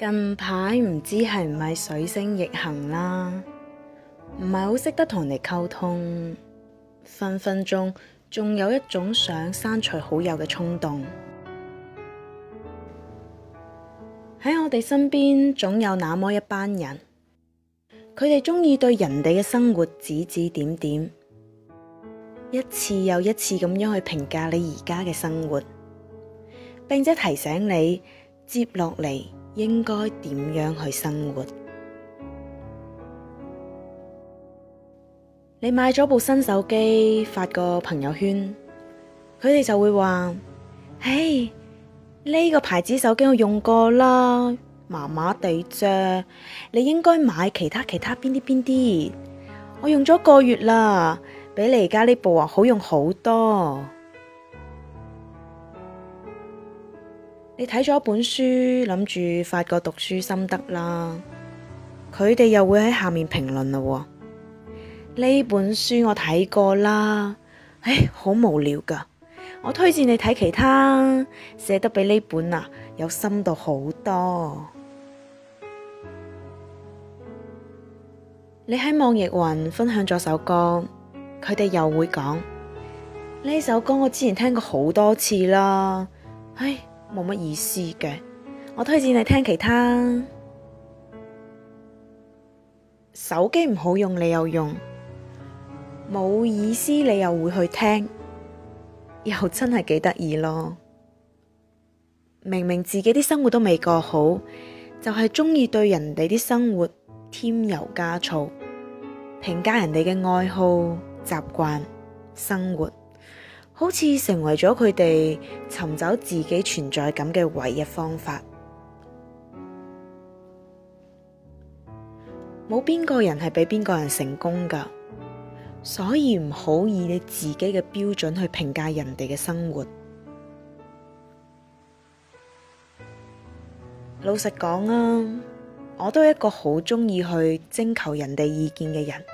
近排唔知係唔係水星逆行啦，唔係好識得同人哋溝通，分分鐘仲有一種想刪除好友嘅衝動。喺我哋身邊總有那麼一班人，佢哋鍾意對人哋嘅生活指指點點，一次又一次咁樣去評價你而家嘅生活，並且提醒你接落嚟，應該點樣去生活？你買咗部新手機，發個朋友圈，佢哋就會話：哎，呢個牌子手機我用過啦，麻麻地啫。你應該買其他其他邊啲邊啲。我用咗個月啦，比你而家呢部啊好用好多。你睇咗本書，諗住發個讀書心得啦，佢哋又會喺下面評論嘞。呢本書我睇過啦，唉，好無聊噶。我推薦你睇其他，寫得比呢本啊有深度好多。你喺網易雲分享咗首歌，佢哋又會講，呢首歌我之前聽過好多次啦，唉。冇乜意思嘅，我推薦你聽其他。手機唔好用，你又用，冇意思，你又會去聽，又真係幾得意咯。明明自己啲生活都未過好，就係中意對人哋啲生活添油加醋，評價人哋嘅愛好、習慣、生活。好似成為咗佢哋尋找自己存在感嘅唯一方法。冇邊個人係比邊個人成功噶所以唔好以你自己嘅標準去評價人哋嘅生活。老實講啊，我都係一個好中意去徵求人哋意見嘅人。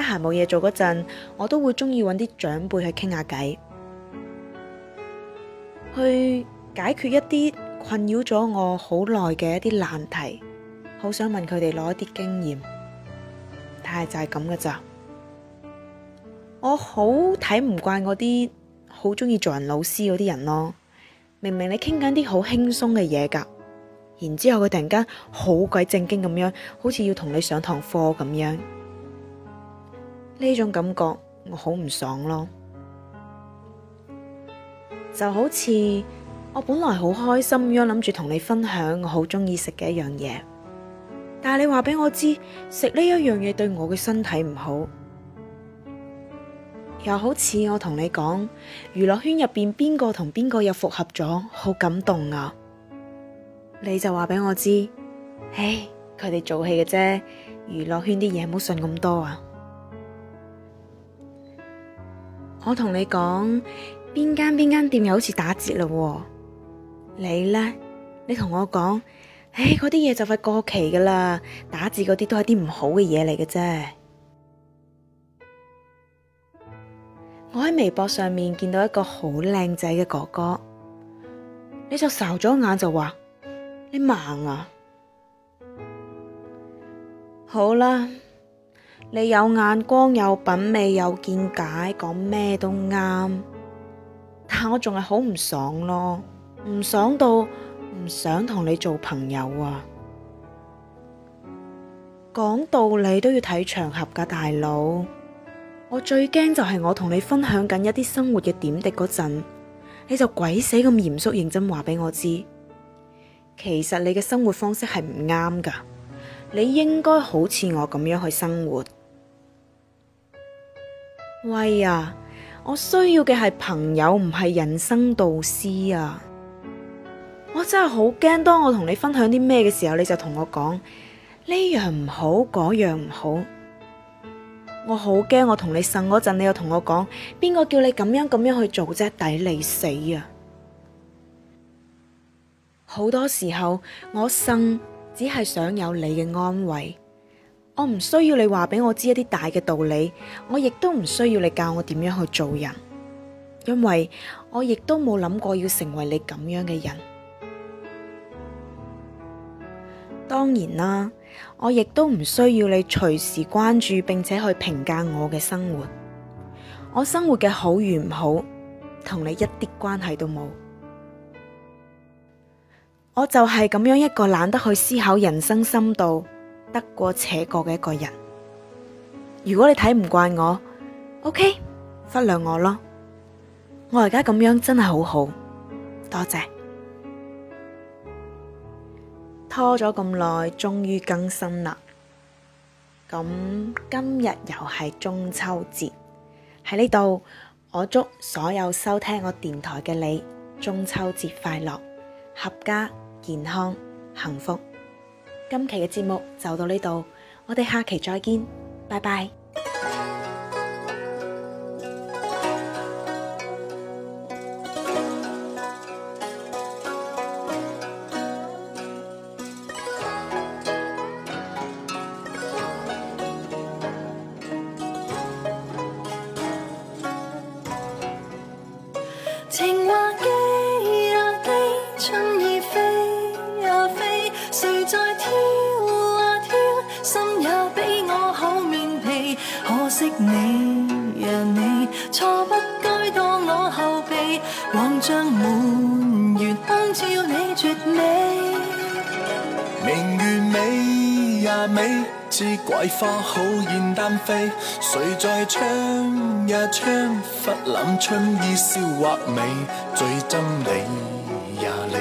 得閒冇嘢做嗰陣，我都會中意揾啲長輩去傾下偈，去解決一啲困擾咗我好耐嘅一啲難題。好想問佢哋攞一啲經驗，但係就係咁嘅咋。我好睇唔慣嗰啲好中意做人老師嗰啲人咯。明明你傾緊啲好輕鬆嘅嘢噶，然之後佢突然間好鬼正經咁樣，好似要同你上堂課咁樣。呢種感覺我好唔爽咯，就好似我本來好開心咁樣諗住同你分享我好中意食嘅一樣嘢，但係你話俾我知食呢一樣嘢對我嘅身體唔好，又好似我同你講娛樂圈入邊邊個同邊個又復合咗，好感動啊，你就話俾我知，唉，佢哋做戲嘅啫，娛樂圈啲嘢唔好信咁多啊。我同你講，邊間邊間店又好似打折啦喎，你咧，你同我講，唉，嗰啲嘢就快過期噶啦，打折嗰啲都係啲唔好嘅嘢嚟嘅啫。我喺微博上面見到一個好靚仔嘅哥哥，你就睄咗眼就話你盲啊，好啦。你有眼光，有品味，有見解，講咩都啱，但我仲係好唔爽咯，唔爽到唔想同你做朋友啊！講道理都要睇場合噶，大佬。我最驚就係我同你分享緊一啲生活嘅點滴嗰陣，你就鬼死咁嚴肅認真話俾我知，其實你嘅生活方式係唔啱噶，你應該好似我咁樣去生活。喂呀、啊，我需要嘅係朋友，唔係人生導師啊！我真係好驚，當我同你分享啲咩嘅時候，你就同我講呢樣唔好，嗰樣唔好。我好驚，我同你呻嗰陣，你又同我講邊個叫你咁樣咁樣去做啫，抵你死啊！好多時候，我呻只係想有你嘅安慰。我唔需要你話俾我知一啲大嘅道理，我亦都唔需要你教我點樣去做人，因為我亦都冇諗過要成為你咁樣嘅人。當然啦，我亦都唔需要你隨時關注並且去評價我嘅生活，我生活嘅好與唔好，同你一啲關係都冇，我就係咁樣一個懶得去思考人生深度，得過且過嘅一個人，如果你睇唔慣我，OK，忽略我咯。我而家咁樣真係好好，多謝。拖咗咁耐，終於更新啦。咁今日又係中秋節，喺呢度，我祝所有收聽我電台嘅你，中秋節快樂，闔家健康幸福。今期嘅節目就到呢度，我哋下期再見，拜拜。你呀你，錯不該當我後備，望將滿月，燈照你絕美。明月美呀美，似桂花好現單飛。誰在窗呀窗，忽攬春意笑畫美。最憎你呀你，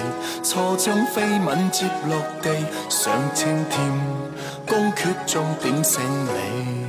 錯將飛吻接落地，上青天，宮闕中點醒你。